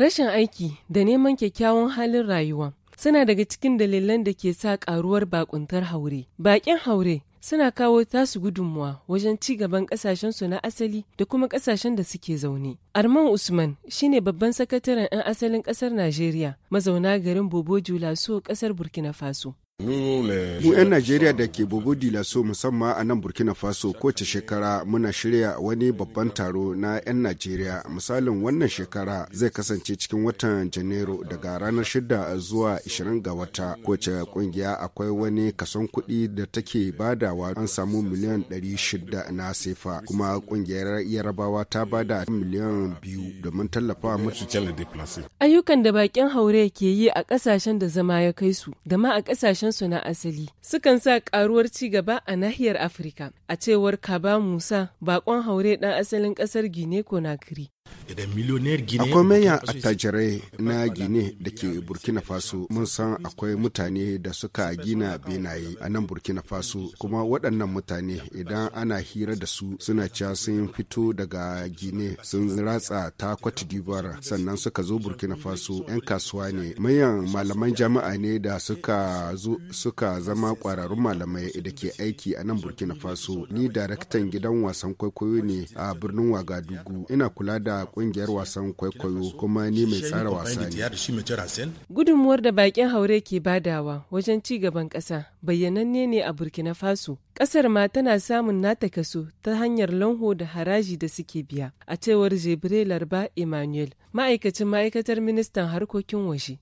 Rashin aiki da neman kyakkyawan halin rayuwa suna daga cikin dalilan da ke sa karuwar bakuntar haure. Bakin haure suna kawo tasu gudunmuwa wajen ci gaban kasashensu na asali da kuma kasashen da suke zaune. Arman Usman shine babban sakataren 'yan asalin kasar Najeriya mazauna garin Bobo Julaso kasar Burkina Faso. Mu 'yan Najeriya da ke Bobo so musamman a nan Burkina Faso kowace shekara muna shirya wani babban taro na 'yan Najeriya misalin wannan shekara zai kasance cikin watan Janairu daga ranar 6 zuwa 20 ga wata kowace kungiya akwai wani kason kuɗi da take badawa an samu miliyan 600 na sefa kuma kungiyar yarabawa ta bada miliyan biyu domin tallafa musu. Ayyukan da bakin haure ke yi a ƙasashen da zama ya kai su da ma a ƙasashen su na asali sukan sa karuwar ci gaba a nahiyar afirka a cewar kaba musa bakon haure dan asalin kasar gine konakiri Akwai manyan attajirai na Gine da ke Burkina Faso mun san akwai mutane da suka gina benaye a nan Burkina Faso kuma waɗannan mutane idan ana hira da su suna cewa sun fito daga Gine sun ratsa ta Cote d'Ivoire sannan suka zo Burkina Faso 'yan kasuwa ne manyan malaman jami'a ne da suka zo suka zama ƙwararrun malamai da ke aiki a nan Burkina Faso ni daraktan gidan wasan kwaikwayo ne a birnin Wagadugu ina kula da kungiyar wasan kwaikwayo kuma ni mai tsara wasa ne. Gudunmuwar da bakin haure ke badawa wajen ci gaban ƙasa bayyananne ne a Burkina Faso. Ƙasar ma tana samun nata kaso ta hanyar lanho da haraji da suke biya, a cewar Jebre Larba Emmanuel, ma'aikacin ma'aikatar ministan harkokin waje.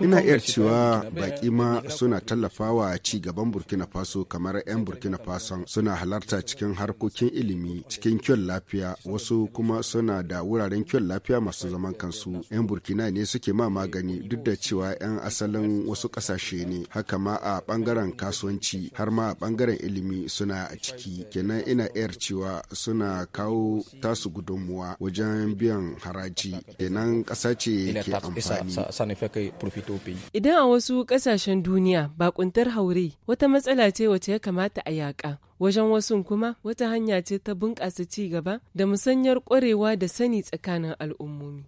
ina iya cewa baki ma suna tallafawa ci gaban burkina faso kamar 'yan burkina faso suna halarta cikin harkokin ilimi cikin kyon lafiya wasu kuma suna da wuraren kyon lafiya masu zaman kansu 'yan burkina ne suke ma magani duk da cewa 'yan asalin wasu kasashe ne haka ma a bangaren kasuwanci har ma a bangaren ilimi suna a ciki kenan ina iya cewa suna kawo tasu gudunmuwa wajen biyan haraji kenan ƙasa ce ke amfani Idan a wasu ƙasashen duniya bakuntar haure wata matsala ce wacce ya kamata a yaƙa. Wajen wasu kuma wata hanya ce ta bunƙasa ci gaba da musanyar ƙwarewa da sani tsakanin al'ummomi.